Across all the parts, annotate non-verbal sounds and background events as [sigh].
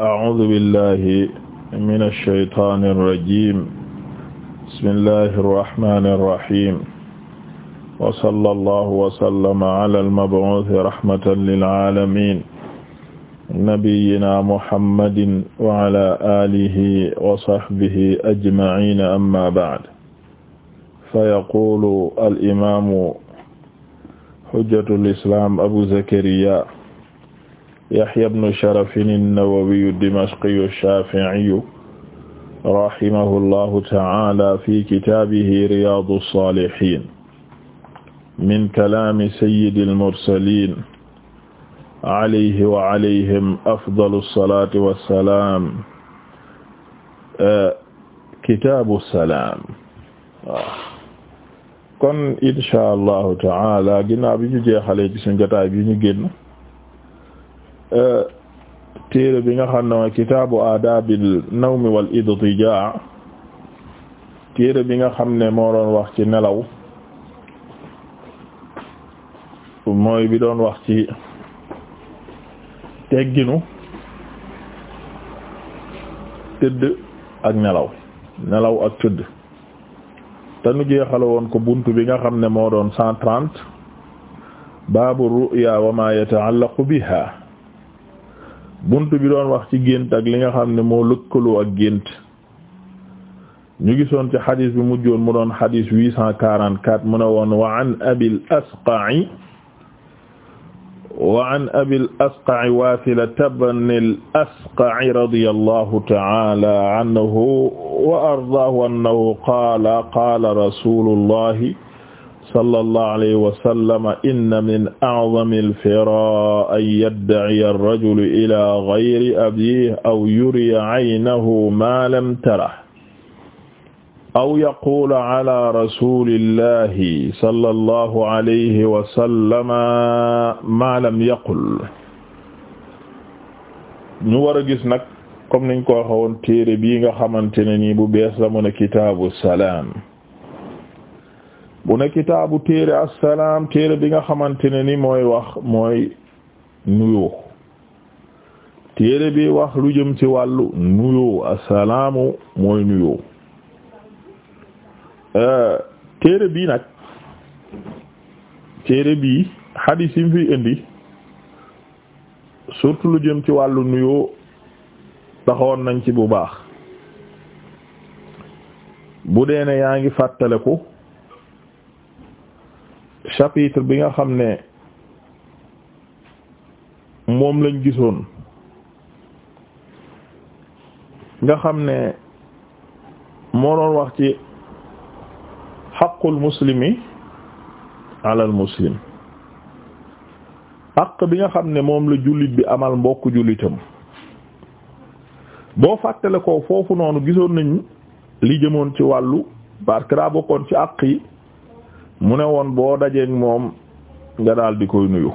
أعوذ بالله من الشيطان الرجيم بسم الله الرحمن الرحيم وصلى الله وسلم على المبعوث رحمة للعالمين نبينا محمد وعلى آله وصحبه أجمعين أما بعد فيقول الإمام حجة الإسلام أبو زكريا Yahya ibn Sharaf an-Nawawi ad-Dimashqi ash-Shafi'i rahimahullahu ta'ala fi kitaabihi Riyaadu as-Saalihiin min kalaami sayyidil mursaliin alayhi wa alayhim afdalu as-salaati was-salaam eh, kitaabu salaam kon inshaa Allahu ta'ala ginnaaw bi ñu jeexalee ci sunu jotaay bi ñu génn Euh, téere bi nga xam ne mooy kitaabu aadaabil nawmi wal idtijaa téere bi nga xam ne moo doon wax ci nelaw mooy bi doon wax ci tegginu tëdd ak nelaw nelaw ak tëdd te nu jeexale woon ko bunt bi nga xam ne moo doon cent trente baabu ru'ya wa ma yata'allaqu biha bunt bi doon wax ci gént ak li nga xam ne moo lëkkaloo ak gént ñu gisoon ci xadis bi mujjoon mu doon xadis huit cent quarante-quatre mu ne woon wa an abil asqa'i wa an abil asqa'i waasila ibnil asqa'i radiyallahu ta'ala anhu wa ardaahu annahu qaala qaala rasulullahi sallallahu alayhi wa sallam inna min a'zami al-firaa an yadda'iya ar-rajulu ilaa ghayri abiihi aw yuriya 'aynahu maa lam tarahu aw yaquula 'alaa rasuulillahi sallallahu alayhi wa sallam maa lam yaqul. ñu war a gis nag comme niñ ko waxoon téere bii nga xamante ne nii bu bees la mu ne kitaabu salaam. bu ne kitaabu téere assalaam téere bi nga xamante ne ni mooy wax mooy nuyoo téere bi wax lu jëm ci wàllu nuyoo assalaamu mooy nuyoo euh, téere bi nag téere bi hadis yi mu fi indi surtout lu jëm ci wàllu nuyoo taxawoon nañ ci bu baax bu dee yaa ngi fàttaleku chapitre bi nga xam ne moom lañ gisoon nga xam ne moo doon wax ci xaqul muslimi alal muslim aq bi nga xam ne moom la jullit bi amal mbokk jullitam boo fàttale ko foofu noonu gisoon nañ li jëmoon ci wàllu parce que bokkoon ci aq yi mu ne woon boo dajeeg moom nga daal di koy nuyu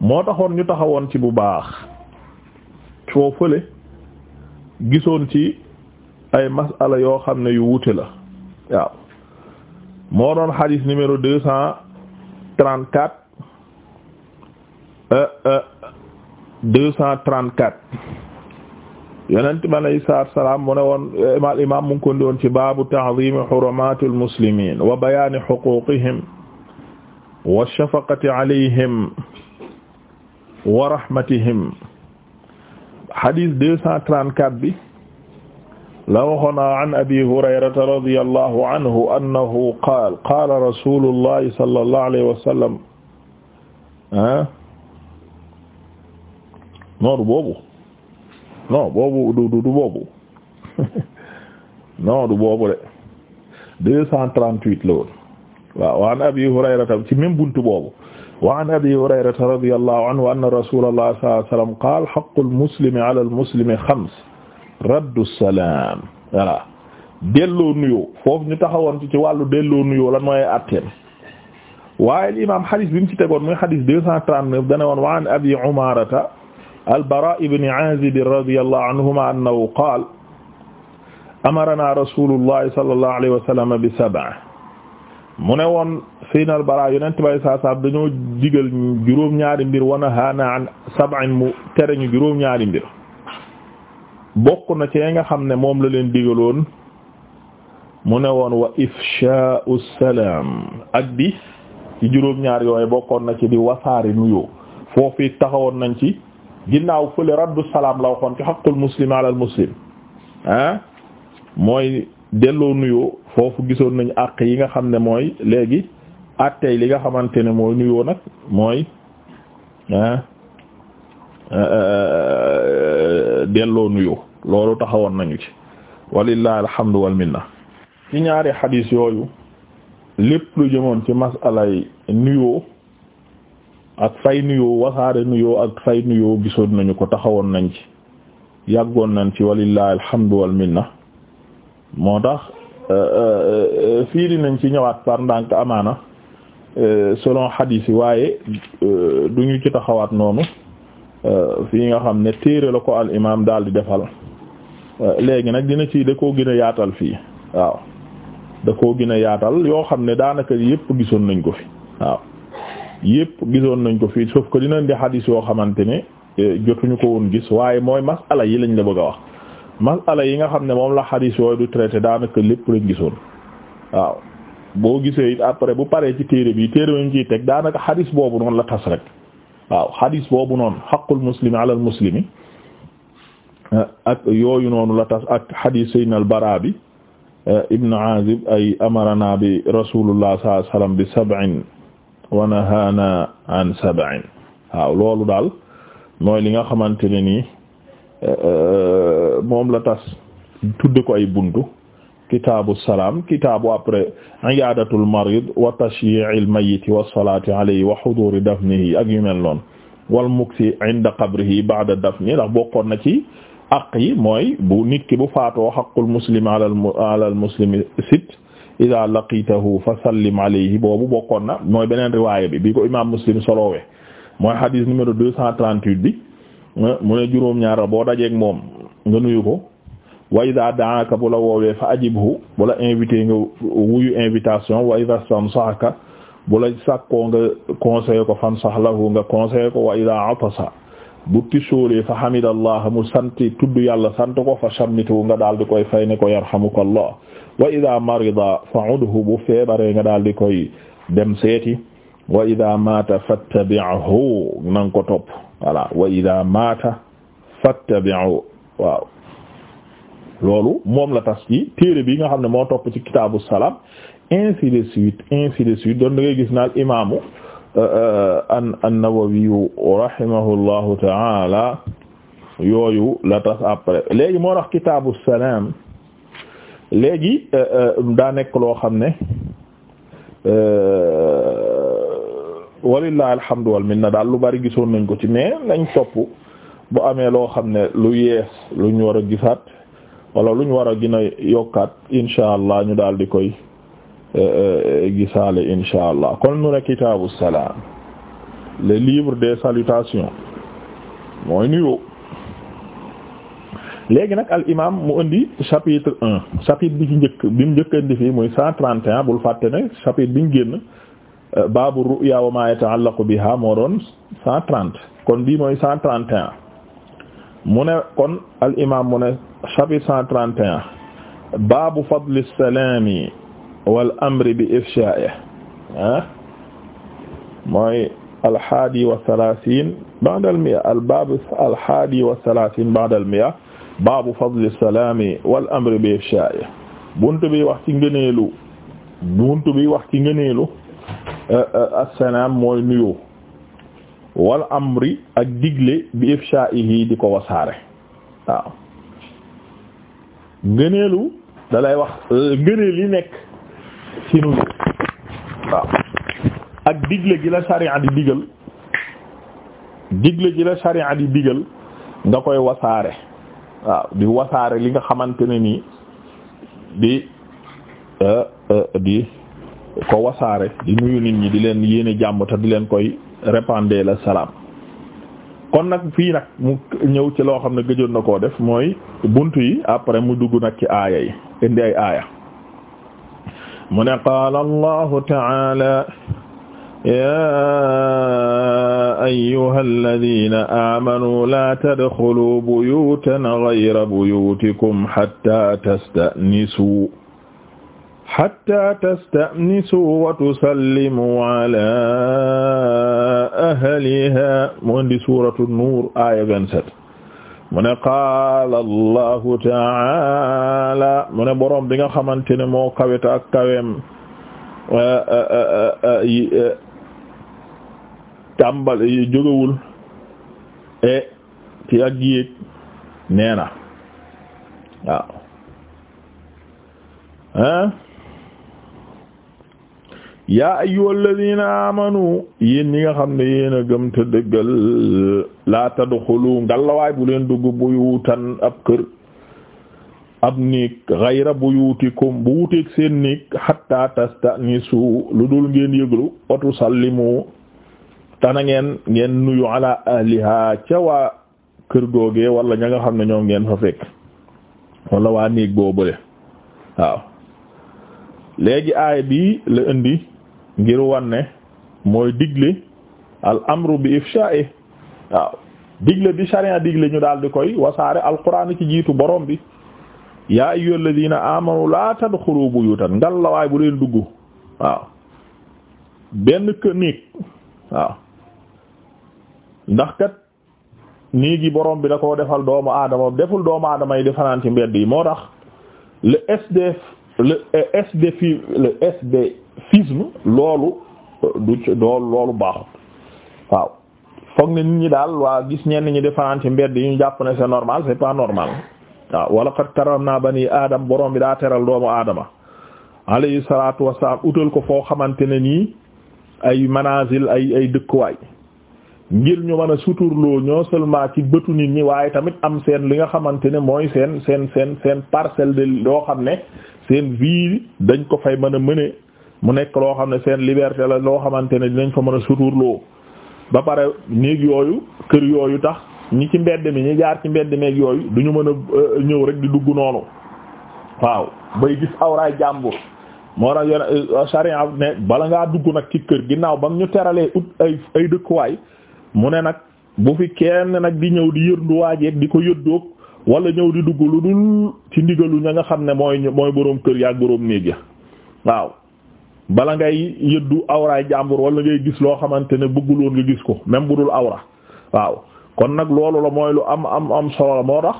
moo taxoon ñu taxawoon ci bu baax foo fële gisoon ci ay masala yoo xam ne yu wuute la waaw moo doon xadis numéro deux cent trente quatre euh, euh, quatre yonent bi alayhi salaatu wa salaam mu ne woon imaam imaam mu ngi ko doon ci baabu ta'ziimi hurumaatil muslimiin wa bayaani huquuqihim wa shafaqati alayhim wa rahmatihim hadith deux cent trente-quatre bi la waxoon an abi hurayrata radiyallahu anhu annahu qaala qaala rasuulullahi sallallahu alayhi wa sallam ah noor boobu no boobu du du du boobu non du boobu de deux cent abi hurayrata ci même buntu boobu wa an abi hurayrata radiyallahu anhu anna rasulullah sallallahu alayhi wasallam qaala haqqul muslimi ala al muslimi xams raddu salaam voilà ci wàllu delloo nuyoo lan mooy atteem waaye imaam hadith bi mu ci tegoon muy hadith deux cent trente-neuf abi umarata al-Baraa ibn Aazib radiyallahu anhumaa annahu qaala amaranaa rasuulullahi sallallahu alayhi wa sallam bi sab'a mu ne woon sayyidina al-Baraa yonent bay saa saab dañoo digal juróom-ñaari mbir wa nahaanaa an sab'in mu tere ñu juróom-ñaari mbir bokk na ci nga xam ne moom la leen digaloon mu ne woon wa ifshaa'u salaam ak di ci juróom-ñaar yooyu bokkoon na ci di wasaari nuyoo foofu taxawoon nañ ci. ginnaaw fële raddu salaam la waxoon ci xaqul muslim ala muslim mooy delloo nuyoo foofu gisoon nañu àq yi nga xam ne mooy léegi àttey li nga xamante ne mooy nuyoo nag mooy ah delloo nuyoo loolu taxawoon nañu ci walillahi alhamdu wal minna ci ñaari xadiis yooyu lépp lu jëmoon ci masalay nuyoo ak fay nuyoo wasaare nuyoo ak fay nuyoo gisoon nañu ko taxawoon nañ ci yàggoon nañ ci walillahi alhamdu wal minna moo tax euh, euh, euh, fii nañ ci ñëwaat par ndànk amaana selon hadith yi waaye duñu ci taxawaat noonu fii nga xam ne téere la ko al imaam daal di defal léegi nag dina ci da koo gën yaatal fii waaw da koo gën a yaatal yoo xam ne daanaka yépp gisoon nañ ko fi waaw yëpp gisoon nañ ko fii sauf ko dinañ di xadis yoo xamante ne eh, jotuñu ko woon gis waaye mooy masala yi lañu la bëgg a wax masala yi nga xam ne moom la xadis yooyu du traité daanaka lépp lañ gisoon waaw boo gisee it après bu paree ci téere bi téere bi ñu ciy teg daanaka xadis boobu noonu la tas rek waaw xadis boobu noon xaqul muslimi alal eh, muslimi ak yooyu noonu la tas ak xadis sayyidina al Baraa bi eh, ibn ay amarana bi rasulullah sallallahu alayhi wasallam bi sab'in wa nahaana an sab'in waaw loolu daal mooy li nga xamante ne nii moom la tas tudd ko ay buntu kitaabu salaam kitaabu après iyaadatul marid wa tashyi'il mayyit wa salaati alayhi wa huduuri dafnihi ak yu mel noonu wal muksi inda qabrihi ba'da dafni ndax bokkoon na ci aq yi mooy bu nit ki bu faatoo haqqul muslim ala al muslimi sit ida laqitahu fa sallim alayhi boobu bokkoon na mooy beneen riwaaya bi bi ko imam muslim solowee mooy hadis numéro deux cent trente-huit bi mu ne juróom-ñaar boo dajeeg moom nga nuyu ko wa ida daaka bu la woowee fa ajibhu bu la invité nga wuyu invitation wa ida stansahaka bu la sàkkoo nga conseillé ko fan sahlahu nga conseillé ko wa ida atasa bu tisoolee fa hamidallah mu sant tudd yàlla sant ko fa shammitu nga daal di koy fay ne ko yarhamukallah wa ida marida fa'udhu bu nga daal di koy dem seeti wa ida mata fattabi'hu ko topp voilà wa ida mata loolu moom la tas ci bi nga xam ne moo topp ci kitaabu salaam ainsi de suite ainsi de suite doon da ngay gis naal imaamu euh, euh, an an-Nawawi rahimahullahu après léegi moo tax kitaabu salaam léegi euh, euh, daa nekk loo xam ne euh, walillahi alhamdu wal minna daal lu bari gisoon nañ ko ci mais lañ topp bu amee loo xam ne lu yees lu ñu war a gisaat wala lu ñu war a gën a yokkaat insha allah ñu daal di koy gisaale insha allah kon nu ne kitaabu salaam le livre des salutations mooy nuyoo léegi nag al imam mu indi chapitre un chapitre bi ci njëkk bi mu njëkk indi fii muy cent trente et un chapitre bi ñu génn euh, ru'ya wa ma yata'allaqu biha moo doon cent kon bii mooy cent trente et un mu ne kon al imam mu ne chapitre cent trente et un baabu fadli salaami wal amri bi ifshaa'ihi ah mooy alhaadi wa salaasiin ba'da al mi'a alhaadi wa salaasiin ba'da al mi'a baabu fadli salaami wal amri bi ifshaa'i buntu bi wax ci ngëneelu buntu bi wax ci ngëneelu eh, eh, assalaam mooy nuyoo wal amri ak digle bi ifshaa'ihi di ko wasaare waaw ngëneelu da wax ngëneel yi nekk ci nuyoo ak digle gi la sariya di digal digle gi la sariya di digal nga koy wasaare waaw di wasaare li nga xamante ne nii di euh, euh, di ko wasaare di nuyu nit ñi di leen yéene jàmm te di leen koy répandre la salaam kon nag fii nag mu ñëw ci loo xam ne gëjoon na koo def mooy bunt yi après mu dugg nag ci aaya yi indi ay aaya mu ne qaala allahu taala yaa ayyuha alladina aamanu laa tadxulu buyutan gayra buyutikum xatta tastanisu xatta tastanisu wa tusallimu ala ahliha mu indi suratu nuur aaya 27 mu ne qaala allahu taala mu ne boroom bi nga xamante ne moo kaweta ak kaweem tàmbal jógawul e ci ak yéeg nee na waaw ah yaa ayyuhal ladina amanu yéen ñi nga xam ne yéen a gëm te dëggal laa tadxulu ngalawaay bu leen dugg buyutan ab kër ab néeg ghayra buyutikum bu wuteeg seen néeg hatta tastanisu lu dul ngeen yëglu watu sallimu tana ngeen ngeen nuyu ala ahliha ca waa kër googee wala ña nga xam ne ñoom ngeen fa fekk wala waa néeg boobule waaw léegi aay bi la indi ngir wanne mooy digle al amru bi ifsha'i waaw digle bi sharia digle ñu daldi koy wasaare alquran ci jiitu borom bi yaa ayyuhal ladina amanu la tadkhulu buyutan ngal la bu leen dugg waaw benn kë néeg waaw ndax kat néegi boroom bi da koo defal doomu aadama deful doomu adama yi di fanaan ci mbedd yi moo tax le SDF le SDF le loolu du dool loolu baaxut waaw foog ne nit ñi daal waa gis ñenn ñi di fanaan mbedd yi ñu jàpp ne c'est normal c'est pas normal waaw wala qad ba bani aadam boroom bi daa teral doomu aadama alayhi salaatu wassalaam utal ko foo xamante ne nii ay manazil ay ay dëkkuwaay ngir ñu mën a suturloo ñoo seulement ci bëtu nit ñi waaye tamit am seen li nga xamante ne mooy seen seen seen seen parcelle de loo xam ne seen vie dañ ko fay mën a mëne mu nekk loo xam ne seen liberté la loo xamante ne dinañ fa mën a suturloo ba pare néeg yooyu kër yooyu tax ñi ci mbedd mi ñi jaar ci mbedd meeg yooyu du ñu mën a euh, ñëw rek di dugg noonu waaw bay gis awraay jàmbur moo tax yoon euh, sharia ne bala ngaa dugg nag ci kër ginnaaw ba mu ñu teralee ay dëkkuwaay mu ne nag bu fi kenn nag di ñëw di yërnduwaajeeg di ko yëddoog wala ñëw di dugg lu dul ci ndigalu ña nga xam ne mooy mooy boroom kër yaag boroom néeg ya waaw bala ngay yëddu awraay jàmbur wala ngay gis loo xamante ne bëgguloon nga gis ko même bu dul awra waaw kon nag loolu la mooy lu am am am solo la moo tax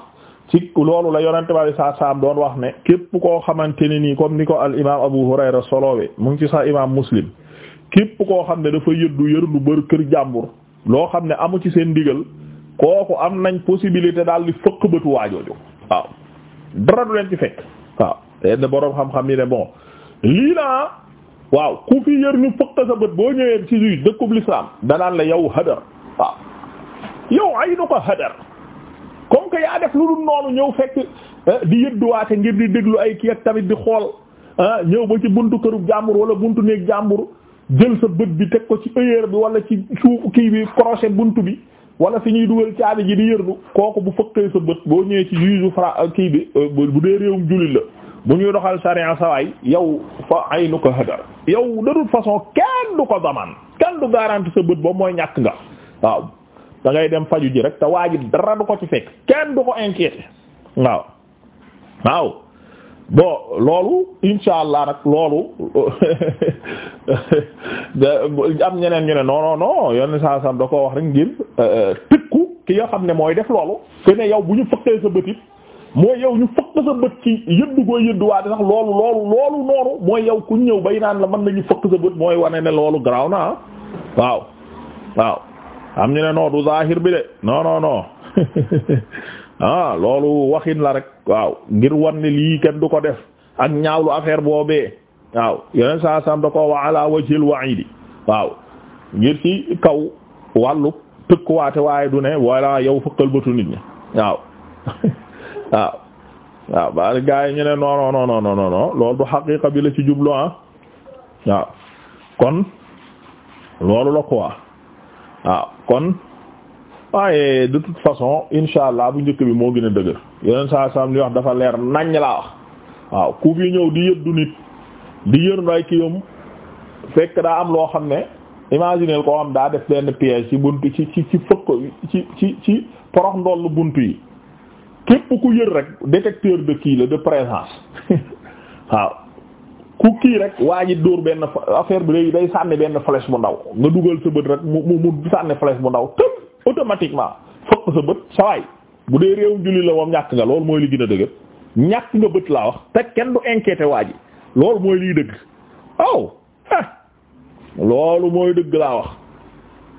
ci loolu la yonente bi saa saam doon wax ne képp koo xamante ne nii comme ni ko al imaam Abu Hurayra soloowe mu ngi ci sax imaam Muslim képp koo xam ne dafa yëddu yërndu bër kër jàmbur loo xam ne amu ci seen ndigal kooku am nañ possibilité daal di fëkk bëtu waajooju waaw dara du leen ci fekk waaw te boroom xam-xam yi ne bon lii naa waaw ku fi yër ñu fëkk sa bët boo ñëwee ci juge dëkkub l'islam danaan la yow hadar waaw yow ay nu ko hadar comme que yaa def lu dul noonu ñëw fekk eh, di yëdduwaate ngir di déglu ay kii ak tamit di xool ah, ñëw ba ci buntu këru jàmbur wala buntu néeg jàmbur jël sa bët bi teg ko ci ëyër bi wala ci suuf kii bi crochet bunt bi wala fi ñuy dugal caabi ji di yërdu kooku bu fëkkee sa bët boo ñëwee ci juge fra kii bi euh, bu dee réewum jullit la bu ñuy doxal sariya sawaay yow fa ay nu ko hadar yow de façon kenn du ko zaman kenn du garanti sa bët boobu mooy ñàkk nga waaw da ngay dem faju ji rek te waa ji dara du ko ci fekk kenn du ko inquiété waaw waaw bo loolu insha allah nag loolu [laughs] am ñeneen ñu ne non non non yenn saa sam da koo wax rek ngir euh, euh, tëkku ki nga xam ne mooy def loolu te ne yow bu ñu fëkkee sa bët it mooy yow ñu fëkk sa bët ci yëddu koo yëdduwaate sax loolu loolu loolu noonu mooy yow ku ñëw bay naan la mën nañu fëkk sa bët mooy wane ne loolu garaaw na ah. waaw waaw am ñu ne non du zahir bi de non non non [laughs] Ah, loolu waxin la rek waaw ngir wan ne lii kenn du ko def ak ñaawlu affaire boobee waaw yeneen saa sam da ko wa ala wajhil waaw ngir ci kaw wàllu tëkkuwaate waaye du ne voilà yow fëkkal bëtu nit ñi waaw [laughs] waaw waaw ba gars yi ñu ne non non loolu du xaqiqa bi ci jublu ah waaw kon loolu la waaw kon. waaye ah, de toute façon incha allah bu njëkk bi moo gën a dëgër yeneen saa saam li wax dafa leer naññ laa wax waaw ku fi ñëw di yëddu nit di yërndu ay kiyam fekk daa am loo xam ne imaginer koo xam daa def benn piège ci buntu ci ci ci fëkk ci ci ci porox ndollu buntu yi képp ku yër rek détecteur de kii la de présence [laughs] waaw ku kii rek waa ji dóor benn affaire bi day sànni benn flèche bu ndaw nga dugal sa bët rek mu mu mu sànni flèche bu ndaw automatiquement fokk sa bët sawaay bu dee réewum julli la moom ñàkk nga loolu mooy li gën a ñàkk nga bët laa wax te kenn du inquiété waa loolu mooy lii dëgg aw ah loolu mooy dëgg laa wax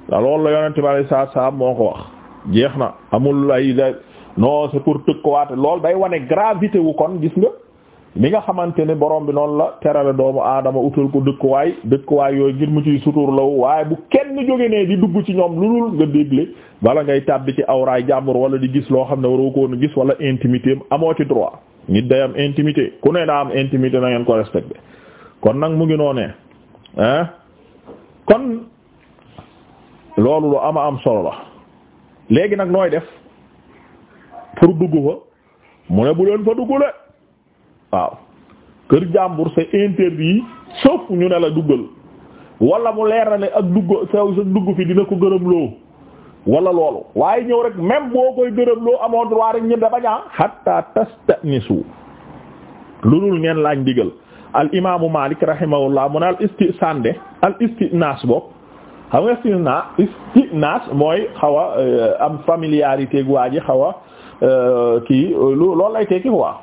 da loolu la yonente bi alei saatu moo ko wax jeex na amul ay non c'est pour tëkkuwaate lool day wane gravité wu kon gis nga li nga xamante ne borom bi noonu la terale doomu aadama utal ko dëkkuwaay dëkkuwaay yooyu ngir mu ciy sutur law waaye bu kenn jóge ne di dugg ci ñoom lu dul nga dégle bala ngay tàbbi ci awraay jàmbur wala di gis loo xam ne waroo ko woon gis wala intimité amoo ci droit nit day am intimité ku ne daa am intimité na ngeen ko respecté kon nag mu ngi noonee ah kon loolu lu ama am solo la léegi nag nooy def pour dugg fa mu ne bu leen fa dugg le waaw kër jàmbur c'est interdit sauf ñu ne la duggal wala mu leer ne ak dugg sew sa dugg fi dina ko gërëmloo wala loolu waaye ñëw rek même boo koy gërëmloo amoon droit rek ñi da bañaa hatta tastanisu lu dul ngeen laaj ndigal al imaamu Malik rahimahullah mu ne al istisaan de al istinaas boog xam nga istina istinaas mooy xaw a euh, am familiarité gu waa ji xaw a euh, kii euh, loolu lay tekki quoi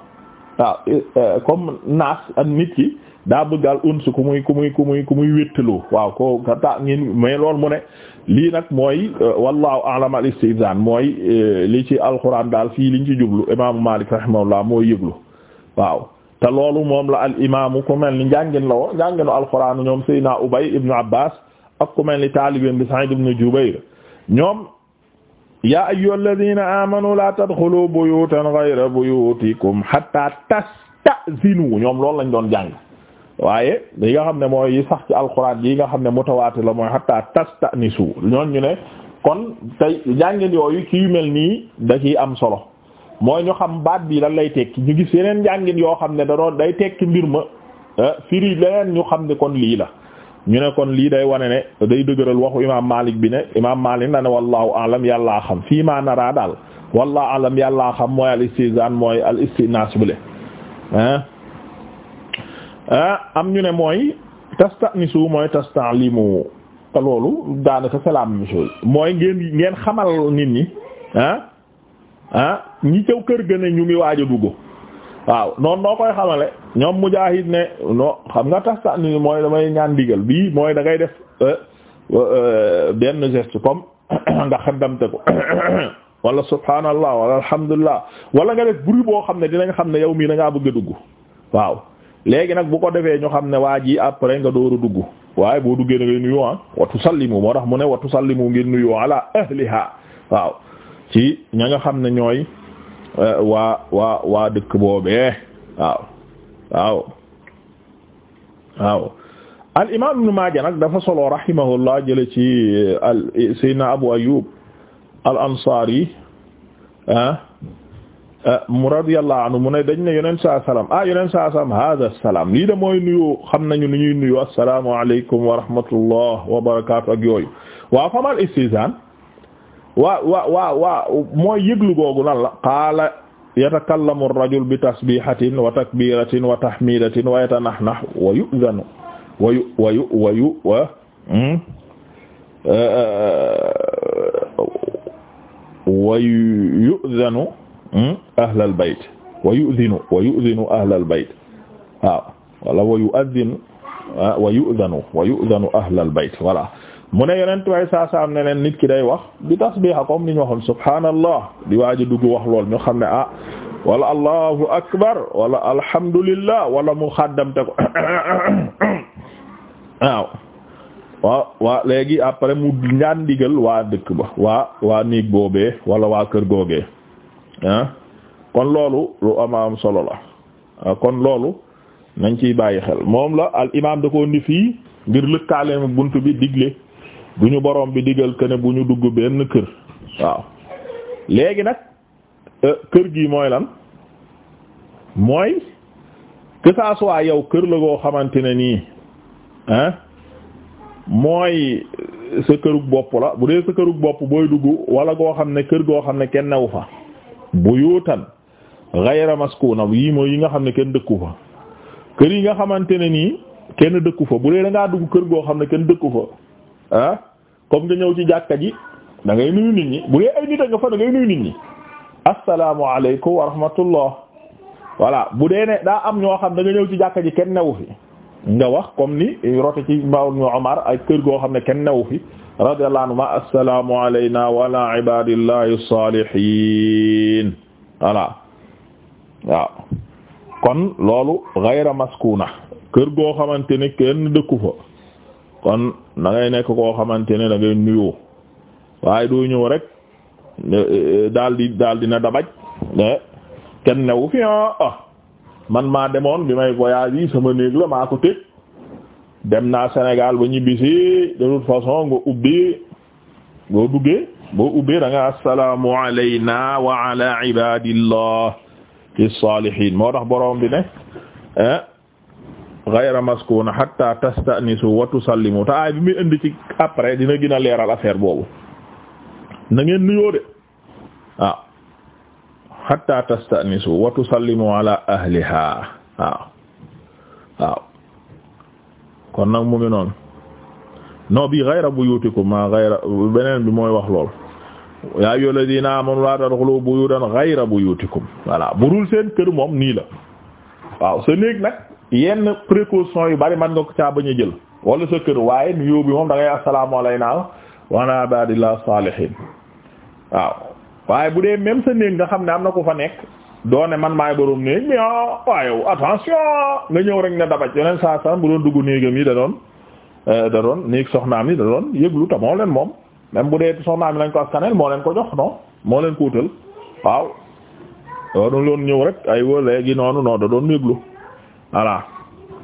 waaw euh, euh, comme naas ak nit ki daa bëggal uns ku muy ku muy ku waaw ko ta ngeen mais loolu mu ne lii nag mooy euh, wallahu a'lam al istizan mooy li ci alquran daal fii liñ ci jublu imaamu Maalik rahimahullah mooy yëglu waaw te loolu moom la al imaamu ku mel ni njàngin la woo njànginu alquran ñoom Seydina Ubay ibnu Abbas ak ku mel ni taalibeen bi Sa'id ibnu Jubayr ñoom yaa ayyuha alladina amanu la tadxulu buyutan ghayra buyutikum ta tastazinu ñoom loolu lañu doon jàng waaye li nga xam ne mooy sax ci alquran yi nga xam ne mutawaatir la mooy hatta tastanisu ñoon ñu ne kon tey jàngin yooyu ci yu mel nii da ciy am solo mooy ñu xam baat bii lan lay tekki ñu gis yeneen jàngin yoo xam ne da doon day tekki mbir ma eh, firi leneen ñu xam ne kon lii la ñu ne kon lii day wane ne day dëgëral waxu imaam Maalik bi ne imaam Maalik na ne wallaahu alam yàllaa xam fii maa naraa daal wallaahu alam yàllaa xam mooy al istizaan mooy al istinaas bu le ah am ñu ne mooy tastanisu mooy tastalimu te loolu daanaka c'est la même chose mooy ngeen ngeen xamal nit ñi ah ah ñi caw kër ga ne ñu ngi waaj dugg waaw noonu noo koy xamale ñoom Mujaahid ne non xam nga tax sax ni mooy damay ñaan digal bii mooy dangay def euh, euh, benn geste comme [coughs] nga xaddamte ko [coughs] wala subhaanallah wala alhamdulillah wala nga def bruit boo xam ne dinañ xam ne yow mii da bëgg a dugg waaw léegi nag bu ko defee ñu xam ne waa ji après nga door a dugg waaye boo duggee na ngay nuyu ah wa tusallimu moo tax mu ne wa tusallimu ngeen nuyu ala ahliha waaw ci ña nga xam ne ñooy Euh, waa waa waa dëkk boobee waaw waaw waaw al imam ibn Maaja nag dafa solo rahimahullah jële ci euh, al euh, sayyidina Abu Ayyub al Ansaari ah, mu radiyallahu anhu mu ne dañ ne yonent saa salaam ah yonent saa salaam hada salaam lii de mooy nuyoo xam nañu ni ñuy nuyu assalaamu alaykum wa rahmatullah wa barakaatu ak yooyu waaw famal istizaan waa waa waa waa mooy yëglu googu lan la qaala yatakallamu ar-rajul bi tasbihatin wa takbiratin wa tahmidatin wa yatanahna wa yu'zanu wa yu wa yu wa yu wa hmm? wa yu'zanu hmm? ahlal bayt wa yu'zinu wa yu'zinu ahlal bayt waaw wala wa yu'zinu ah, wa yu'zanu wa yu'zanu ahlal bayt voilà mu ne yeneen tuwaay saa saa am ne nit ki day wax di tasbiixa comme ni ñu waxoon subhaanallah di waaj a dugg wax lool ñu xam ne ah wala allahu akbar wala alhamdulillah wala mu xàddamte ko [coughs] waaw waaw waa léegi après mu ñaan digal waa dëkk ba waa waa néeg boobee wala waa kër googee ah, kon loolu lu ama solo la ah, kon loolu nañ ciy bàyyi xel moom la al imaam da ko indi ngir lëkkaale bunt bi digle bu ñu borom bi digal que ne bu ñu dugg benn kër waaw léegi nag euh, kër gi mooy lan mooy que ça soit yow kër la goo xamante ne nii ah mooy sa kërug bopp la bu dee sa kërug bopp booy dugg wala goo xam ne kër goo xam ne kenn newu fa bu buyutan ghayra maskuna yii mooy yi nga xam ne kenn dëkku fa kër yi nga xamante ne nii kenn dëkku fa bu dee da dugg kër goo xam ne kenn dëkku fa ah comme nga ñëw ci jàkka ji da ngay nit ñi bu dee ay nit a nga fa da ngay nit ñi assalaamu alaykum wa rahmatullah voilà bu dee ne daa am ñoo xam da nga ñëw ci jàkka ji kenn newu fi nga wax comme ni rote ci mbaw ñu Omar ay kër goo xam ne kenn newu fi radiyallahu anhu ma assalaamu alayna wa ala ibadillahi salihin voilà waaw kon loolu ghayra maskuna kër goo xamante ne kenn dëkku fa kon nangay nekk koo xamante ne da ngay waaye doo ñëw rek e, e, daal di na dina dabaj kenn newu fi ah, ah man maa demoon bi may voyage sama néeg la maa ko tëj naa Sénégal ba ñibbisi de toute façon nga ubbi boo duggee boo ubbee da nga assalaamu alayna wa ala ibadillah as-salihin moo tax borom bi ne eh, ghayra maskun hatta tastanisu bi muy indi ci après dina gina a leeral affaire boobu na ngeen nuyoo de waaw ah. hatta tastanisu wa tusallimu ala ahliha waaw ah. ah. kon nag mu ngi noonu no bi ghayra buyutikum ma ghayra beneen bi mooy wax lool yaa ayyuhal ladina amanu la tadkhulu burul seen kër moom nii la waaw sa nag yenn précaution yu bari man nga ko caa bañ a jël wala sa kër waaye nuyoo bi moom da ngay assalaamu alayna wa ala la salihin waaw waaye bu dee même sa néeg nga xam ne am na ko fa nekk doone man maay borom néeg mi ah waaye attention nga ñëw rek nga dabaj yeneen saa saa bu doon dugg néegam yi eh, da doon néeg soxnaam yi da doon yëglu te moo leen moom même bu dee soxnaam yi lañ ko askaneel moo leen ko jox non moo leen ko wutal waaw. doo ñëw rek ay noonu non doon yëglu. voilà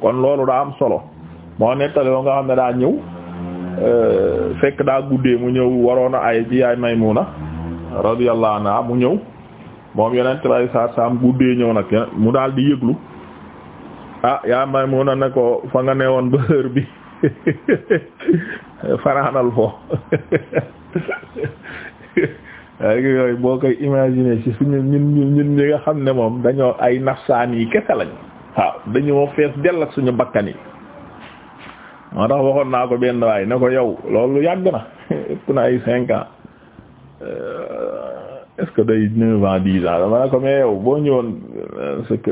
kon loolu daa am solo moo nettali loo nga xam ne daa ñëw euh, fekk daa guddee mu ñëw waroon a ay ci yaay Maymuna radiyallahu anha mu ñëw moom yonent bay saa saam guddee ñëw nag mu daal di yëglu ah yaay Maymuna ne ko fa nga ne woon ba heure bi [laughs] fanaanal foo ay yooyu boo koy imaginer ci suñu ñun ñun ñi nga xam ne moom dañoo ay nafsaani kese lañu waaw dañoo fees dell ak suñu bakkan yi moo tax waxoon naa ko benn waay ne ko yow loolu yàgg na ëpp na ay cinq ans est-ce que day neuf ans dix ans dama ko mais yow boo ñëwoon c'est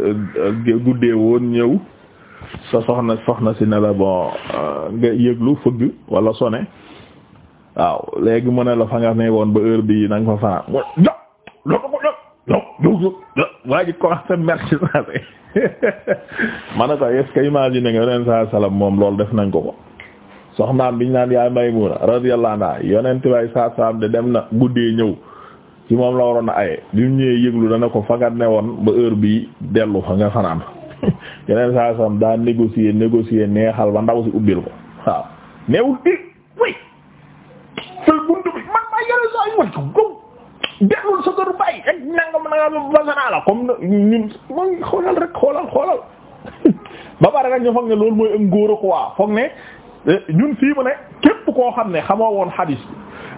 guddee woon ñëw sa soxna soxna si ne la bon nga yëglu fëgg wala sone waaw léegi mu ne la fa nga ne woon ba heure bi na nga fa fanaan waa ji commencé merci ma ne ko est-ce que imagine nga yonent saa salaam moom lool def nañ ko ko soxnaam biñ naan yaay Maymuna radiyallahu anha yonent bay saa salaam de dem na guddee ñëw ci moom la waroon a aye bi mu ñëwee yëglu dana ko fagat ne woon ba heure bii dellu fa nga fanaan [laughs] yonent saa salaam daa négocier négocier neexal ba ndaw si ubbil ko waaw neewul eh, i way fël bunt bi man maa yore saa yu way ko ak nangam nangam basanaa la comme ñun mooy xoolal rek xoolal xoolal [laughs] ba pare rek ñu foog ne loolu mooy ak ngóor quoi foog ne eh, ñun fii ne koo xam ne xamoo woon xadiis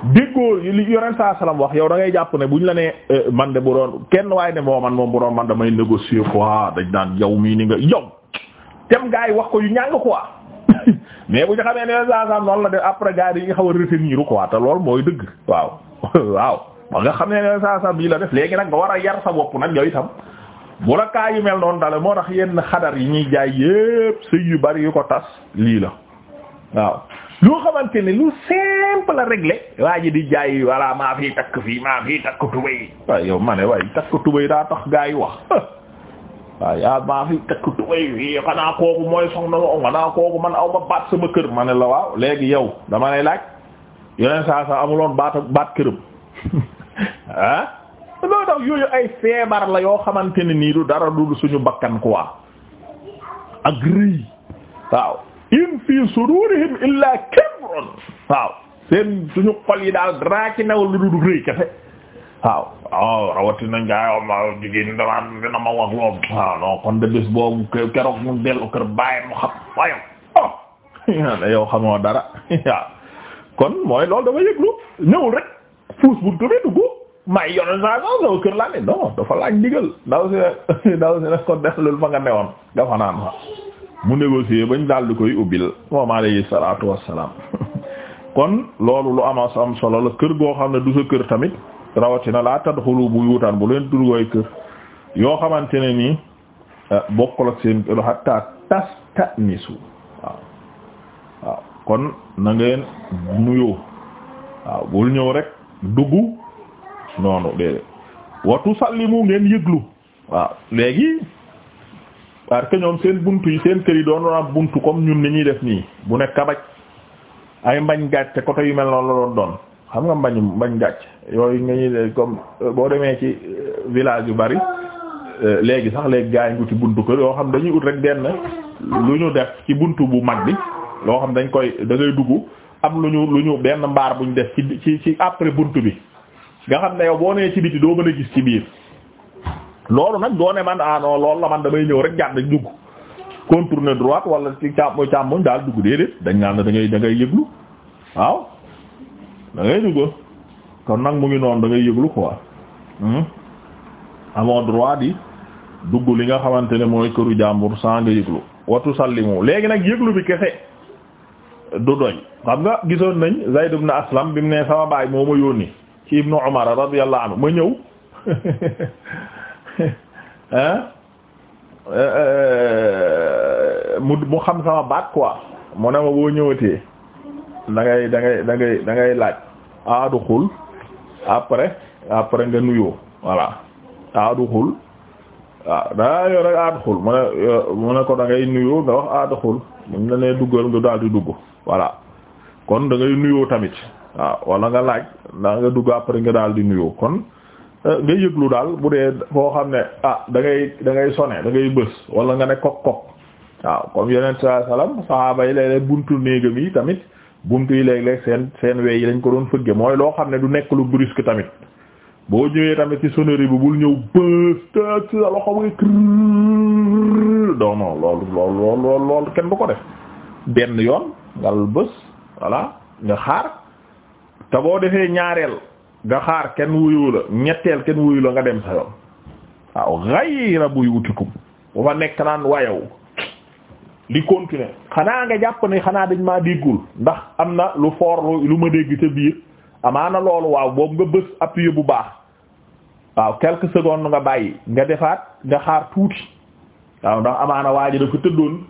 bi déggoo li yoreen saa salaam wax yow da ngay jàpp ne bu ñu la eh, man de bu doon kenn waaye ne moo man moom bu doon man damay négocier quoi dañ naan yow mii ni nga yow gaa yi wax ko yu ñàng quoi [laughs] mais bu ñu xamee ne saa salaam la de après yi xaw a retenir te loolu mooy dëgg waaw. [laughs] ba nga xam ne ne saa saa bii la def léegi nag nga war a yar sa bopp nag yooyu itam bu la yu mel noonu dale moo tax yenn xadar yi ñuy jaay yépp sëy yu bari yu ko tas lii la waaw loo xamante ne lu simple la régler waa di jaay walla maa fii takk fii maa fii takk tubay waaye ma ne waaye takk tubay daa tax gaa yi wax waaw yaa ah maa fi takk tubay fii xanaa kooku mooy soxna wo xanaa kooku man aw ma baat sama kër ma ne la waaw léegi yow dama lay laaj yeneen saa sa amuloon baat baat këram ah loolu tax yooyu ay feebar la yoo xamante ne nii du dara dul suñu bakkan quoi ak rëy waaw in fii sudurihim illaa kibrun waaw seen suñu xol yi daal dara ci newul lu dul rëy kese waaw waaw oh, rawatina ngaa oh, ma jigéen damaa dina ma wax loolu waaw kon de bés boobu keroog mu dellu kër bàyyi mu xam waaye oh [laughs] xamoo dara [laughs] waaw kon mooy loolu dafa yëglu ñëwul rek fuus buntu bi dugg may yore saa saa sama kër laa ne non dafa laaj ndigal ndaw si ne [laughs] ndaw si ne ko dellul fa nga newoon nga fa mu négocier bañ daal di koy ubbil moom alayhi salaatu wassalaam [laughs] kon loolu lu ama solo la kër goo xam ne du sa kër tamit rawatina laa tadxulu buyutan bu leen durgooy kër yoo xamante ne nii eh, bokkul ak seen kër hatta tastanisu waaw waaw kon na ngeen nuyoo waaw bul ñëw rek dugg noonu déedéet wa tusallimu ngeen yëglu waaw léegi parce que ñoom seen bunt yi seen kër yi doon am buntu comme ñun ni ñuy def nii bu nekk kabaj ay mbañ gàcce côté yu mel noonu la doon doon xam nga mbañ mbañ gàcc yooyu nga ñuy comme euh, boo demee ci euh, village yu bari euh, léegi sax léegi gaa yi ci buntu kër yoo xam dañuy ut rek benn lu ñu def ci buntu bu mag bi loo xam dañ koy da ngay dugg am lu ñu lu ñu benn mbaar buñ def ci ci ci après bunt bi nga xam ne yow boo nee ci biti doo mën gis ci biir loolu nag doo ne man ah non lool la man damay ñëw rek jàdd dugg contourner droite wala ci càmm càmmoñ daal dugg déedéet dañ naan da ngay da ngay yëglu waaw kon nag mu ngi noonu da ngay yëglu quoi hmm? amoo droit di dugg li nga xamante ne mooy këru jàmbur saa nga yëglu watu sallimu léegi nag yëglu bi kese. du doy xam nga gisoon nañ Zayd na Aslam bi mu ne sama baay moo ma yónni ci Ibnu Umar radiyallahu anhu ma ñëw [laughs] euh, mu mu xam sama baat quoi mu ne ma boo ñëwatee da ngay dangay ngay laaj aadu xul après après nga nuyoo voilà aadu xul waaw daa yor rek aadu xul mu ne mu ne ko da ngay nuyoo nga wax aadu xul mu ne duggal nga daal di dugg voilà kon da ngay nuyoo tamit waaw wala nga laaj ndaa nga dugg après nga daal di nuyoo kon euh, nga yëglu daal bu dee foo xam ne ah da ngay da ngay sone dangay ngay bës wala nga ne kok kok waaw comme yeneen sa salam sahaaba yi léeg-léeg buntu néegam yi tamit buntu yi léeg-léeg seen seen wey yi lañ ko doon fëgge mooy loo xam ne du nekk lu brusque tamit boo ñëwee tamit ci sonnerie bi bul ñëw bës teg ci sa loxo muy non non yoon ngal bés voilà nga xaar te boo defee ñaareel nga xaar kenn wuyu la ñetteel kenn wuyu la nga dem sa yoon waaw ghayra buyutikum bu fa nekk naan wayaw li continuer xanaa nga jàpp ne xanaa dañ maa déggul ndax am na lu foor lu ma dégg te biir amaana loolu waaw boobu nga bës appuyé bu baax waaw quelques secondes nga bàyyi nga defaat nga xaar tuuti waaw ndax amaana waa ji dafa tëddoon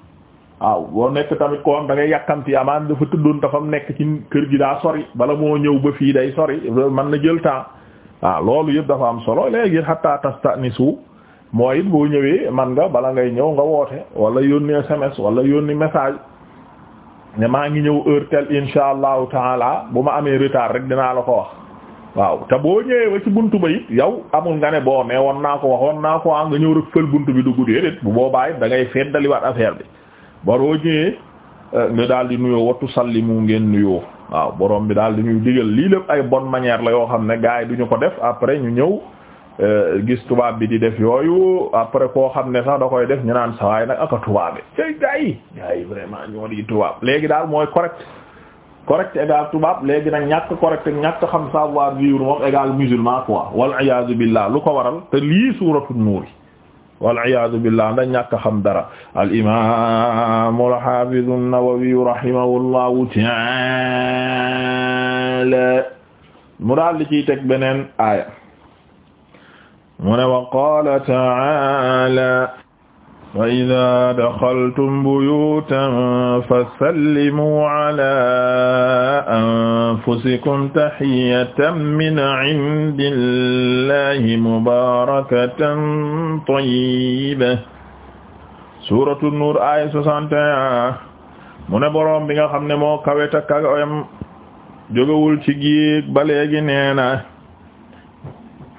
waaw boo nekk tamit koo am da ngay yàkkamti amaan dafa tuddoon dafa nekk ci kër gi daa sori bala moo ñëw ba fii day sori man na jël temps waaw loolu yëpp dafa am solo léegi ni tastanisu mooy it boo ñëwee man nga bala ngay ñëw nga woote wala yónni SMS wala yónni message ne maa ngi ñëw heure tel insha allahu taala bu ma amee retard rek dinaa la ko wax waaw te boo ñëwee ba ci buntu ba it yow amul nga ne boo ne won naa ko wax waxoon naa ko ah nga ñëw rek fël buntu bi dugg déedéet bu boobaa da ngay feddaliwaat affaire bi. baroo ñëwee eh, nga daal di nuyoo wotu wattu mu ngeen nuyoo waaw borom bi daal di ñuy digal lii lépp ay bonne manière la yoo xam ne gars yi du ko def après ñu ñëw eh, gis tubaab bi di def yooyu après koo xam ne sax da koy def ñu naan sawaay nag aka tubaabe cay gars yi gars yi vraiment ñoo di tubaab léegi daal mooy correct correct égal tubaab léegi nag ñàkk correct ñàkk xam savoir vivre moom égal musulman quoi wal iyaazu billah lu ko waral te lii suuratul nuur waliyaadu billah ndax ñàkk a xam dara al-imaam al-haafiz an-Nawawi rahimahullahu ta'aala mu daal di ciy teg beneen aaya mu ne wa qaala ta'aala wa idaa daxaltum buyuutan fasallimuu alaa anfusikum taxiyatan min indillaahi mubaarakatan tayyiba bi nga xam ne moo kaweta kawem jógewul ci giig ba léegi nee na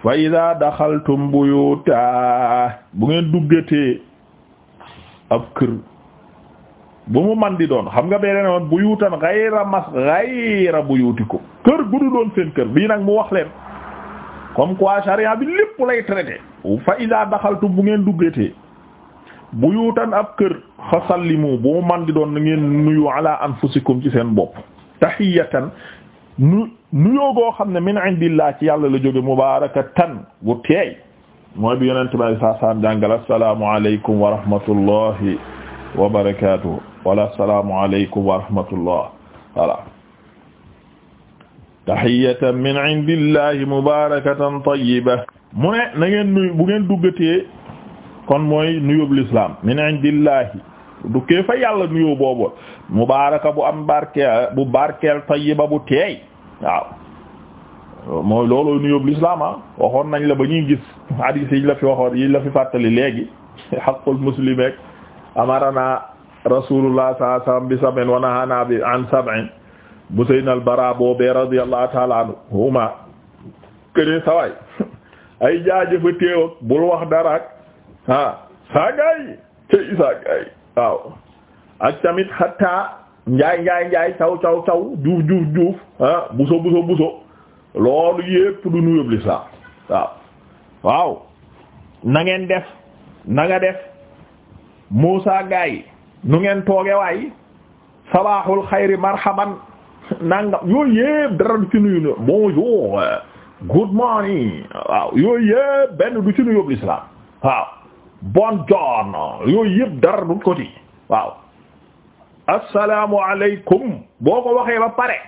fa daxaltum buyuuta bu ngeen ab kër bu mu man di doon xam nga bee dana woon buyutan ghayra mas ghayra buyutikum kër gudu doon seen kër bii nag mu wax leen comme quoi bi lépp lay traité fa iza daxaltu bu ngeen duggete duggeetee buyutan ab kër fasallimu bu mu man di doon na ngeen nuyu ala anfusikum ci seen bopp tahiyatan nu nuyoo goo xam ne min indillah ci yàlla la jóge mubarakatan bu teey mooy bi yonente bi saa saam jàngal assalaamu aleykum wa rahmatullahi wa wala assalaamu aleykum wa rahmatullah voilà mu ngeen nuyu bu ngeen duggatee kon mooy nuyób l'islam min indillahi dukkee fa yàlla nuyoo boobu mubaraka bu am barke bu mooy looloo nuyoo bu lislaam ah. waxoon nañ la ba ñuy gis hadith yi la fi waxoon yi la fi fàttali léegi haqqul muslim ak amarana rasulullah sallallahu alayhi wasallam bi sab'in wa nahana bi an sab'in bu sayyidina al-Bara boobee radiyallahu ta'ala anhuma këne sawaay ay jaajëfa teew ak bul wax dara ak ah saa gaay tey saa gaay waaw ak tamit hatta njaay njaay njaay caw caw caw juuf juuf juuf ah buso buso buso loolu yépp du nuyub lislaam waaw waaw def na nga def Muusa gaay nu ngeen tooge waay sabaaxul xayri marhaban nanga yooyu yépp dara du ci nuyu bonjour good waaw yooyu yépp benn du dara du ko ci waaw assalaamu alaykum boo ko waxee ba pare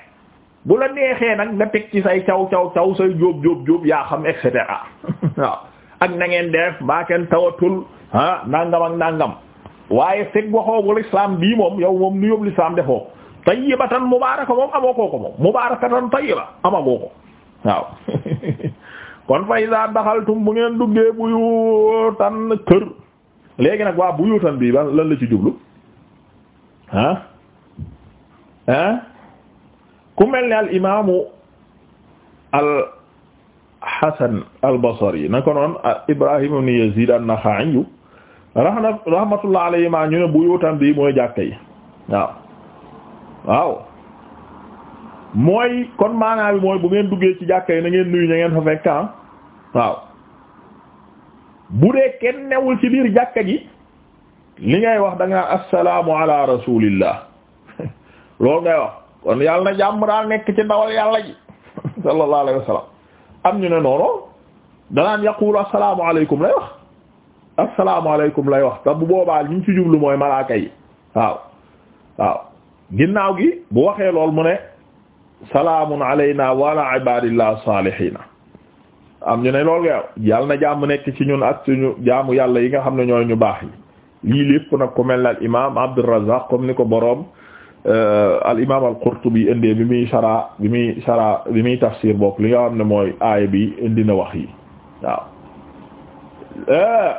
bu la neexee nag nga teg ci say caw caw caw say jóob jóob jóob yaa xam et cetera [laughs] waaw ak na ngeen def mbaa kenn tawatul ah nangam ak nangam waaye fekk waxoogul islam bii moom yow moom nu yóbbu l'islam defoo tayyibatan mubaaraka moom amoo ko ko moom mubaarakatan tayyiba amagoo ko waaw [laughs] kon fa iza daxaltum bu ngeen duggee buyutan kër léegi nag waa buyutan bii lan la ci jublu ah ah ku mel ne al imaamu al Hasan al Basri na noon Ibrahim ibn Yazid an-Nakha'i rahma rahmatullah alayhi ma ñu ne buyuutam bi mooy jàkka yi waaw waaw mooy kon maanaa bi mooy bu ngeen duggee ci jàkka yi na ngeen nuyu ña ngeen fa fekk ah waaw bu dee kenn newul ci biir jàkka ji li ngay wax da nga assalaamu ala rasulillah [laughs] loolu ngay wax kon yàlla na jàmm daal nekk ci ndawal yàlla ji [laughs] am ñu ne noonu danaan yaqulu assalaamu alaykum lay wax assalaamu alaykum lay wax te bu boobaa li ci jublu mooy malaaka yi waaw waaw ginnaaw gi bu waxee lool mu ne salaamun alayna wa ala ibadillah salihina am ñu ne lool nga yàlla na jàmm nekk ci ñun ak suñu jaamu yàlla yi nga xam ne ñooy ñu baax yi lii lépp nag ku mel na al imaam Abdurrazzaq comme ni ko boroom Euh, al imaam al Qurtubi indee bi muy sara bi muy bi li mooy aaya bi indi na wax yi waaw euh,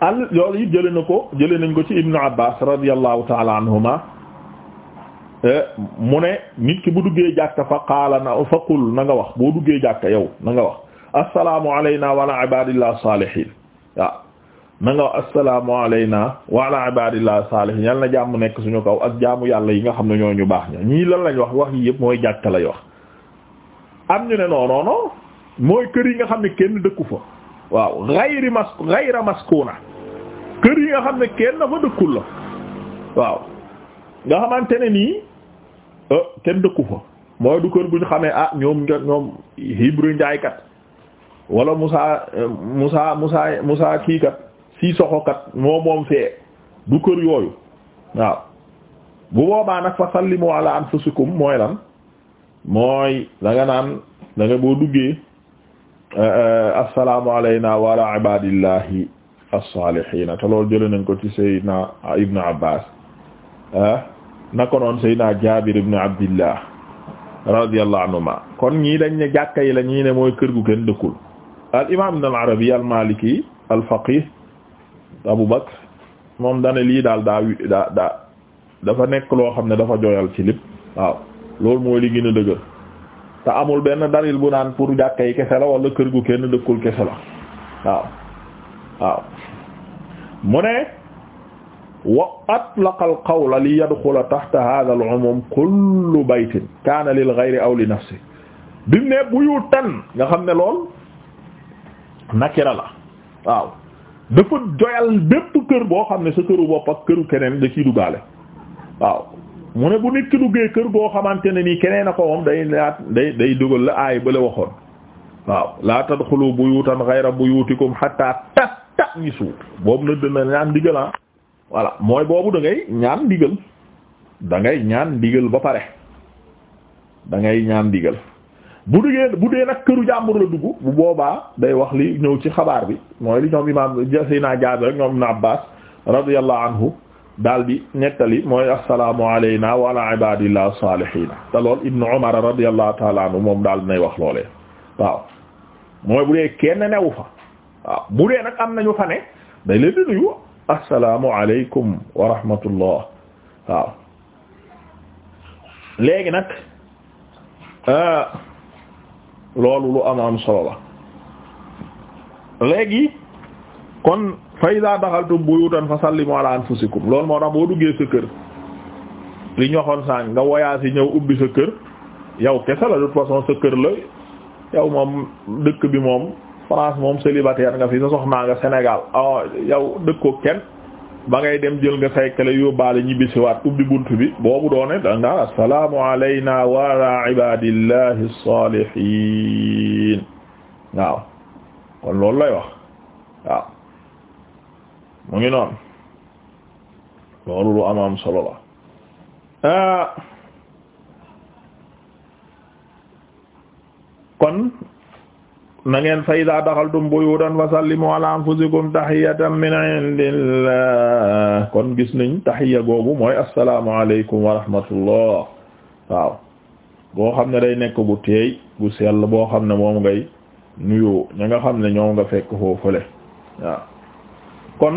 al loolu it jëlee na ko jëlee nañ ko ci Ibnu Abbas radiyallahu taala anhuma euh, mu ne nit ki bu duggee jàkka fa qaala na nga wax bu duggee jàkka yow na nga wax assalaamu alayna wa ala ibadillah na nga assalaamu alayna waa ala ibadillah saalihin yal na jàmm nekk suñu kaw ak jaamu yàlla yi nga xam ne ñoo ñu baax ña ñii lan lañ wax wax yi yëpp mooy jàkka lay wax am ñu ne non mooy kër yi nga xam ne kenn dëkku fa waaw gayri mas gayra maskuna kër yi nga xam ne kenn dafa dëkkul la waaw nga xamante eh, kenn dëkku fa mooy du kër bu ñu xamee ah ñoom nga ñoom Ibra Njaay kat wala Musaa eh, Musaa Musaa Musaa kii si soxokat moo moom fee du kër yooyu waaw bu boobaa nag fa sallimu ala anfusikum mooy lan mooy da naan da nga boo duggee eh, eh, assalaamu alayna wa ala ibadillahi as-salihin te loolu jëlee nañ ko ci Seydina Ibn Abbas ah eh, naka noonu Seydina Jabir ibn Abdillah radiyallahu anhuma kon ñii dañ ne jàkka yi la ñii ne mooy kër gu kenn dëkkul al imam Ibn al Arabi al Abu Bakr moom dane lii daal daa dafa nekk loo xam ne dafa joyal ci lépp waaw loolu mooy li gën a dëgër te amul benn dalil bu naan pour jàkka yi kese la wala kër gu kenn dëkkul kese la waaw waaw mu ne wa atlaqa al qawla li yadxula taxta hadha al umum kullu kaana lil ghayri aw li nafsi bi mu ne nga xam ne lool nakira la waaw dafa joyal bépp kër boo xam ne sa këru bopp ak këru keneen da ciy dugaale waaw mu ne bu nit ki duggee kër boo xamante ne nii keneen a ko moom day laat day day dugal la aay ba la waxoon waaw laa tadxulu buyutan ghayra buyutikum ngi tasta'nisu boobu na dina ñaan ndigal ah voilà mooy boobu da ngay ñaan ndigal da ngay ñaan ndigal ba pare da ngay ñaan ndigal bu duggee bu dee nag këru jàmbur la dugg bu boobaa day wax li ñëw ci xabaar bi mooy li ñoom imaam Seydina Jaabir rek ñoom Ibn Abbaas radiyallahu anhu daal di nettali mooy assalaamu alayna wa ala ibadillah saalihiina te lool Ibn Umar taala anhu moom daal dinay wax loolee waaw mooy bu dee kenn newu fa bu dee nag am nañu fa ne day leen di nuyu assalaamu alaykum wa rahmatullah waaw loolu lu am am solo la léegi kon fa iza daxaltum buyutan fa sallimu ala anfusikum loolu moo tax boo duggee sa kër li ñu waxoon sànq nga voyage yi ñëw ubbi sa kër yow kese la de toute façon sa kër la yow moom dëkk bi moom France moom célibataire nga fi sa soxnaa nga Sénégal ah yow dëkkoo kenn. ba ngay dem jël nga say kele yóbbaale ñibbisiwaat ubbi bunt bi boobu doone da nga assalaamu alayna wa ala ibadillahi lay wax mu ngi noonu loolu solo la ah. kon nangeen ngeen fa idaa daxaltum buyuutan fa sallimu anfusikum tahiyatan min indillah kon gis nañ tahiya googu mooy assalaamu alaykum wa rahmatullah xam ne day nekk bu teey bu boo xam ne moom ngay nuyoo ña xam ne ñoom nga fekk foofule waaw kon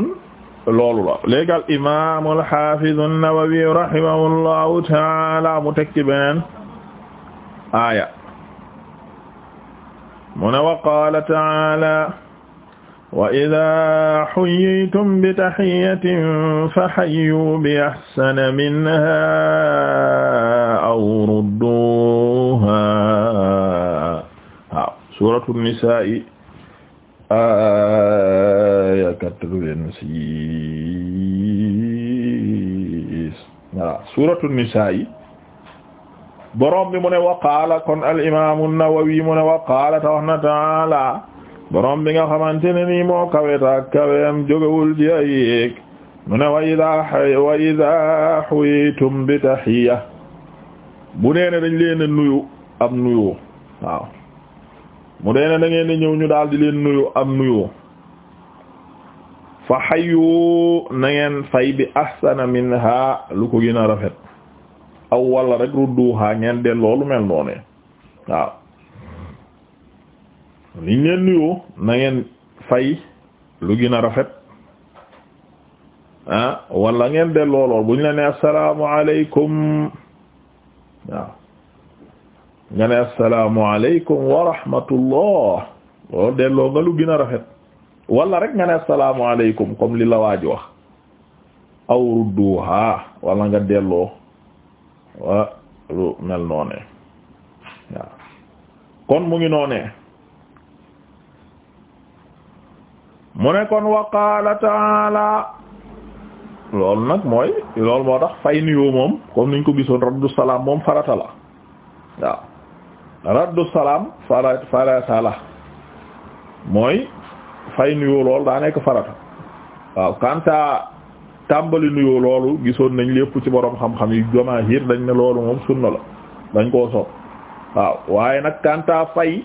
loolu la léegi al imaam al haafiz an ta'ala mu beneen aaya mu ne wa qaala ta'aala wa idaa huyyitum bi tahiyyatin fa hayyuu bi ahsana minhaa aw rudduuhaa waaw suuratu nisaa'i aaya quatre-vingt-six voilà suuratu nisaa'i borom bi mu ne wa kon al imaamu Nawawi mu ne wa qaala ta taala borom bi nga xamante ne nii moo kaweta kawem jógewul ci ay mu ne wa idaa wa idaa xuyitum bi taxiya bu nee ne dañ leen a nuyu am nuyoo waaw mu ne da ngeen di ñëw ñu daal di leen nuyu am nuyoo fa xayu na ngeen fay bi ahsana minha lu ko rafet aw walla rek rudduha ngeen delloo lu mel noonu waaw liñ leen nuyoo na fay lu gën a rafet ah wala ngeen delloo bu ñu la ne assalaamu alaykum waaw nga wa rahmatullah loolu delloo nga lu gën a rafet wala rek nga ne assalaamu alaykum comme li la wax aw rudduha wala nga delloo wa lu mel noone waaw kon mu ngi noone mu ne kon wa qaala taala loolu nag mooy loolu moo tax fay nuyoo moom comme niñ ko gisoon raddu salaam moom farata la waaw raddu salaam fara farata la mooy fay nuyoo loolu daa nekk farata waaw kanta tàmbali nuyoo loolu gisoon nañ lépp ci boroom xam-xam yi jamaahir dañ ne loolu moom sunna la dañ koo sopp waaw waaye nag kanta fay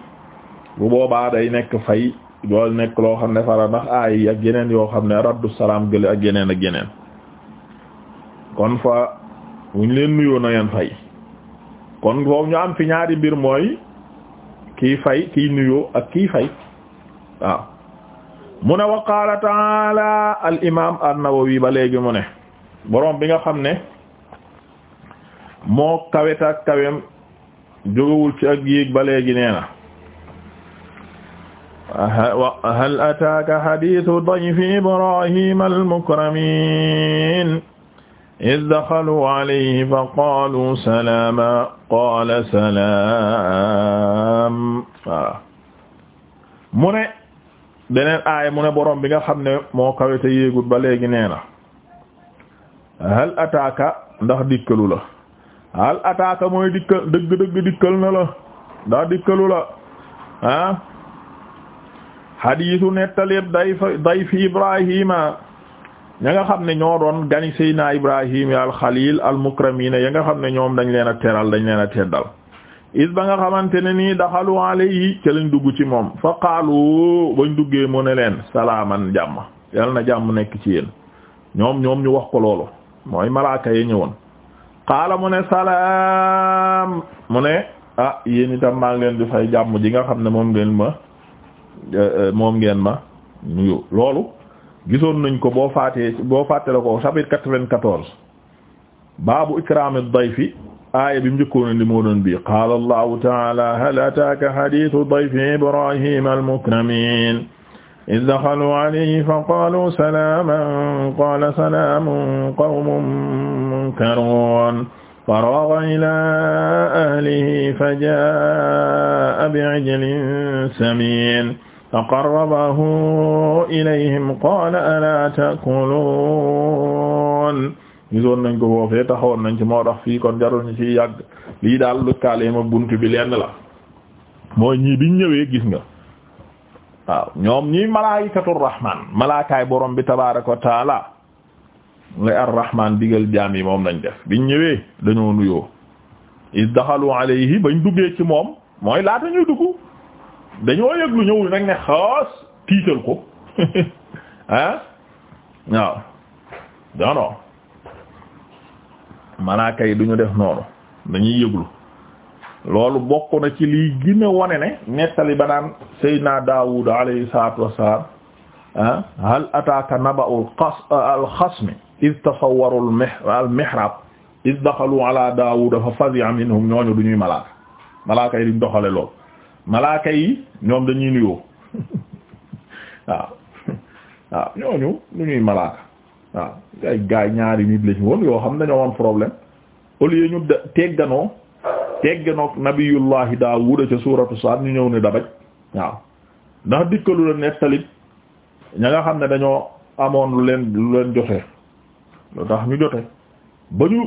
bu boobaa day nekk fay loolu nekk loo xam ne fara ndax aay ak yeneen yoo xam ne raddu salaam gële ak yeneen ak yeneen kon fa buñ leen nuyoo na ngeen fay kon foofu ñu am fi ñaari mbir mooy kiy fay kiy nuyoo ak kiy fay waaw mu ne wa qaala taala al imam an-Nawawi ba léegi mu ne borom bi nga xam ne moo kawetaak kawem jógawul ci ak yéeg ba léegi nee na hal ataaka hadithu dayfi ibrahima almukramin id daxaluu alayhi fa qaalu salaama qaala salaam mu ne beneen aaya mu ne borom bi nga xam ne moo kawe te ba léegi nee na hal ataaka ndax dikkalu la hal ataaka mooy dikkal dëgg dëgg dikkal na la ndax dikkalu la ah hadiisu nettaleeb dayf dayf ibrahima ña nga xam ne ñoo doon gani seyna ibrahim al xaliil al mukramiina ya nga xam ne ñoom dañ leen a teral dañ leen a teddal is ba nga xamante ne nii daxalu alayhi ca lañ dugg ci moom fa qaalu bañ duggee mu ne leen salaaman jàmm yal na jàmm nekk ci yéen ñoom ñoom ñu wax ko loolu mooy malaaka yi ñëwoon qaala mu ne salaam mu ne ah yéen itam maa ngi di fay jàmm ji nga xam ne moom ngeen ma eh, moom ngeen ma loolu gisoon nañ ko boo faatee boo fàtte la ko chapitre quatre-vingt-quatorze baabu ikraamid dayfi aaya bi mu njëkkoon andi moo doon bii qaala allahu taala hal ataaka hadiisu dayfi ibrahima almukramiin iz daxaluu alayhi fa qaaluu salaaman qaala salaamun qawmun munkaruun faraaga ilaa ahlihi fajaa'a bi'ijlin samiin faqarrabahu ilayhim qaala alaa ta'kuluun gisoon nañ ko foofee taxawoon nañ ci moo tax fii kon jarul ci yàgg lii daal lëkkaaleem ak bunt bi lenn la mooy ñii biñ ñëwee gis nga waaw ñoom ñii malaayikatur rahman malaakaay borom bi tabaaraka wa taala lay ar-rahman digal jaam yi moom lañ def biñ ñëwee dañoo nuyoo is daxalu alayhi bañ duggee ci moom mooy laata ñuy dugg dañoo yëg lu ñëwul rek ne tiital ko ah [laughs] waaw non malaaka yi du ñu def noonu dañuy yëglu loolu bokk na ci liy gën a wone ne nettali ba naan Seydina Daawud alayhi salaatu wassalaam ah hal ataaka naba'ul xas alxasmi iz tasawwaru al-mihrab daxalu ala Daawuda fa fazi'a minhum ñooñu du ñuy malaaka malaaka yi duñ doxale lool malaaka yi ñoom dañuy nuyoo [laughs] [laughs] waaw ñooñu du ñuy malaaka waaw ay gaay ñaari nit lañ woon yoo xam ne dañoo am problème au lieu ñu tegganoo tegganoog nabiyullahi Daawuda ca suuratu Saad ñu ñëw ne dabaj waaw ndax dikkalu la nettalit ña nga xam ne dañoo amoon lu leen lu leen jote lu tax ñu jote ba ñu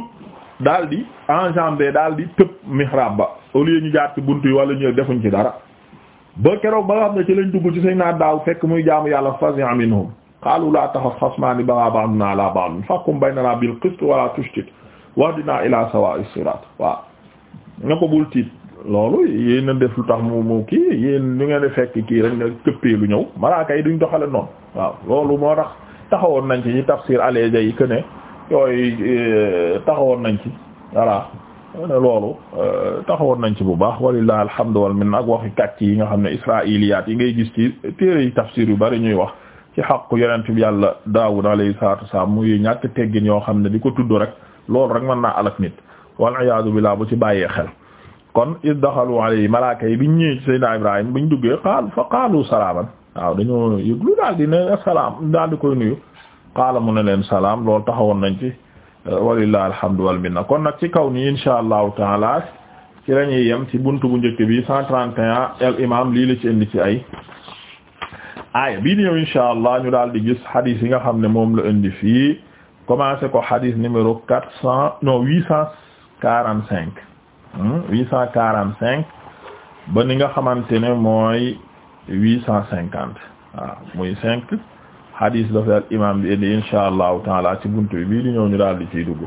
daldi enjambe daldi tëb mihrab ba au lieu ñu jaar ci bunt yi wala ñu defuñ ci dara ba keroog ba nga xam ne ci lañ dugg ci seen naa daaw fekk muy jaamu yàlla fazi'a minhum qaalu laa taxaf xasmaani baghaa ba'dunaa alaa ba'din fahkum baynanaa bil qist walaa tushtit wahdinaa ilaa sawaa'i siraat waaw nga ko bul tiit loolu yéen a def lu tax mu mu kii yéen ñu ngeen fekk kii rek nga këppee lu ñëw malaaka yi duñ doxale noonu waaw loolu moo tax taxawoon nañ ci ñi tafsir aleeja yi que ne e, taxawoon nañ ci voilà loolu e, taxawoon nañ ci bu baax walillahi alhamdu wal minna ak waxi kàcc yi nga xam ne israiliyaat yi ngay gis ci téere yi tafsir yu bari ñuy wax ci xaq xaqu yonent bi yàlla Daawud alayhi salaatu wasalaam muy ñàkk teggin yoo xam ne di ko tudd rek loolu rek mën na alak nit wal iyaadu billaah bu ci bàyyee xel kon is daxalu alayhi malaaka yi biñ ñëwee ci Seydina Ibrahima biñ duggee qaal fa qaalu salaaman waaw dañoo yëglu daal di ne salaam daal di koy nuyu qaala mu ne leen salaam loolu taxawoon nañ wal walillahi alhamdu wal minna kon nag ci kaw nii insha allahu taala ci la ñuy yem ci buntu bu njëkk bi 131 el imam lii la ci indi ci ay aaya bii ñëw insha ñu daal di gis hadith nga xam ne moom la indi fii commencé ko hadith numéro quatre cent non huit cent quarante cinq hmm? huit cent ba ni nga xamante ne mooy huit cent cinquante waaw muy cinq hadith la fi al imam bi indi insha taala ci buntu bii di ñëw ñu daal di ciy dugg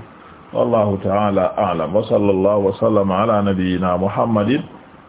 wallahu taala a'lam wa sallallahu wa sallama ala nabiyyina muhammadin